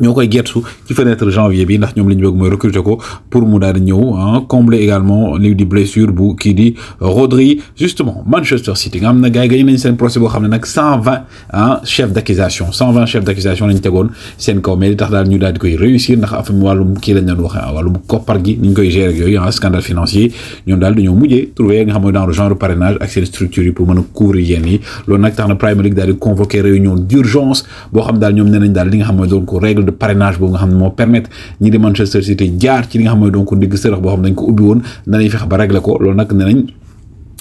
ñoo koy gertu ci fenêtre janvier bi ndax ñoom li bëgg mooy recruter ko pour mu daal di ñëw hein, combler également lii di blessure bu kii di Rodri justement Manchester City nga xam ne gars yi gagné nañ seen procès boo xam ne nag 120 vingt ah chefs d' accusation cent vingt d' accusation lañ tegoon seen kaw mais li tax daal ñu daal di koy réussir ndax affaire wàllum kii lañ leen waxee hein, ah wàllum koppar gi ñu koy gérer ak yooyu ah scandale financier ñoom daal dañoo mujjee trouver nga xam mooy dans le genre parrainage ak seen structure yi pour mën a couvrir yenn yi loolu nag tax na Premier League daal di convoquer réunion d' urgence boo xam daal ñoom nee nañ daal li nga xam mooy doon ko règle de parrainage boobu nga xam ne moo permettre ñi di Manchester City jaar ci nga xam mooy donc digg sërëx boo xam dañ ko ubbi woon danañ fexe ba régler ko loolu nag ne nañ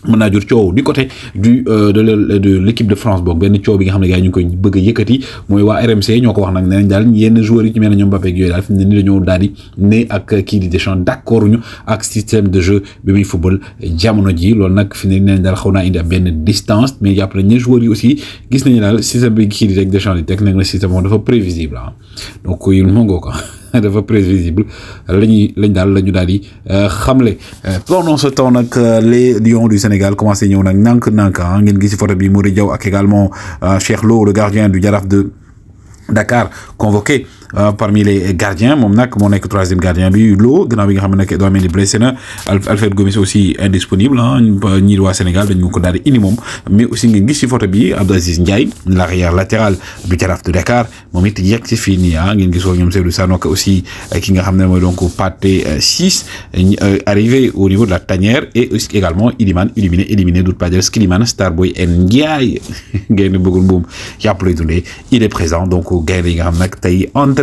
mën naa jur coow du côté du de euh, de l' de France boog ben coow bi nga xamné ne gars ñu koy bëgg yëkëti moy wa RMC ñoko wax nak nee dal daal joueur yi ci mel ne ñoom Mbappé ak yooyu daal fi ni dañu nii dañoo di ne ak kii di Deschamps d'accord ñu ak système de jeu bi muy football jamono ji lool nak fi mu ne nii nee indi ab benn distance mais jàpp nañ ne joueurs yi aussi gis nañu dal système bi kii di rek Deschamps di teg nekk na système dafa prévisible ah donc il mongoo ko dafa prévisible lañuy lañ dal lañu ñu daal euh, xamle euh, pendant ce temps euh, les lions du Sénégal commencé ñëw nak nank nank ah ngeen gis ci photo bi Mory Diaw également Cheikh Lo le gardien du Jaraf de Dakar convoqué euh, parmi les gardiens moom nag moo nekk troisième gardien bi lo gna bi nga xamné ne nag Edouard blessé na Alfred Gomis aussi indisponible ah ñii waa Sénégal dañu ko daal di indi mais aussi nga gis ci photo bi Abdou Aziz Ndiaye l'arrière latéral du Jaraaf de Dakar momit it yegg si fii nii ah ngeen gisoo ñoom Seydou Sanoka aussi euh, ki nga xamné ne donc Pathé 6 euh, arrivé au niveau de la tanière et également Iliman éliminé éliminé Doudou Pader Skilimane Starboy Ndiaye ngeen bëggul boom yàpp lay dundee il est présent donc gaynde yi nga xam nag tey entre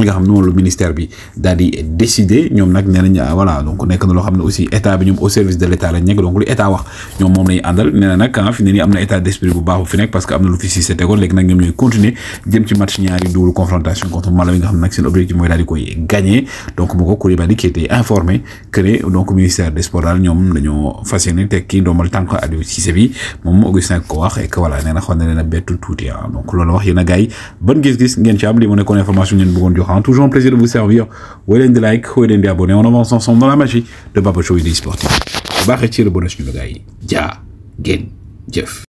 li nga xam ne ministère bi daal di décider ñoom nag nee nañ ah, voilà donc nekk na loo xam ne aussi état bi ñoom au service de l' état lañ nekk donc lu état wax ñoom moom lañu àndal nee na nag ah fi ne nii am na état d' esprit bu baax bu fi nekk parce que am na lu fi si seete ko léegi nag ñoom ñooy continuer jëm ci match ñaari double confrontation contre Malawi nga xam ne nag seen objectif mooy daal di koy gagné donc bu ko Koulibaly qui était informé que ne donc ministère des sports daal ñoom dañoo fas yéene tekki doomal tànk Aliou Cissé bi moom Augustin ko wax et que voilà nee na xaw na leen a bettu tuuti ah donc loolu wax yéen a gars yi ban gis-gis ngeen ci am li mu nekkoon information ngeen bëggoon jox Hein. Toujours un plaisir de vous servir. Wait de like, wait des abonnés. On avance ensemble dans la magie de Babo Show Sportifs. Bah, le bonus du bagaille. Ja, gen, jeff.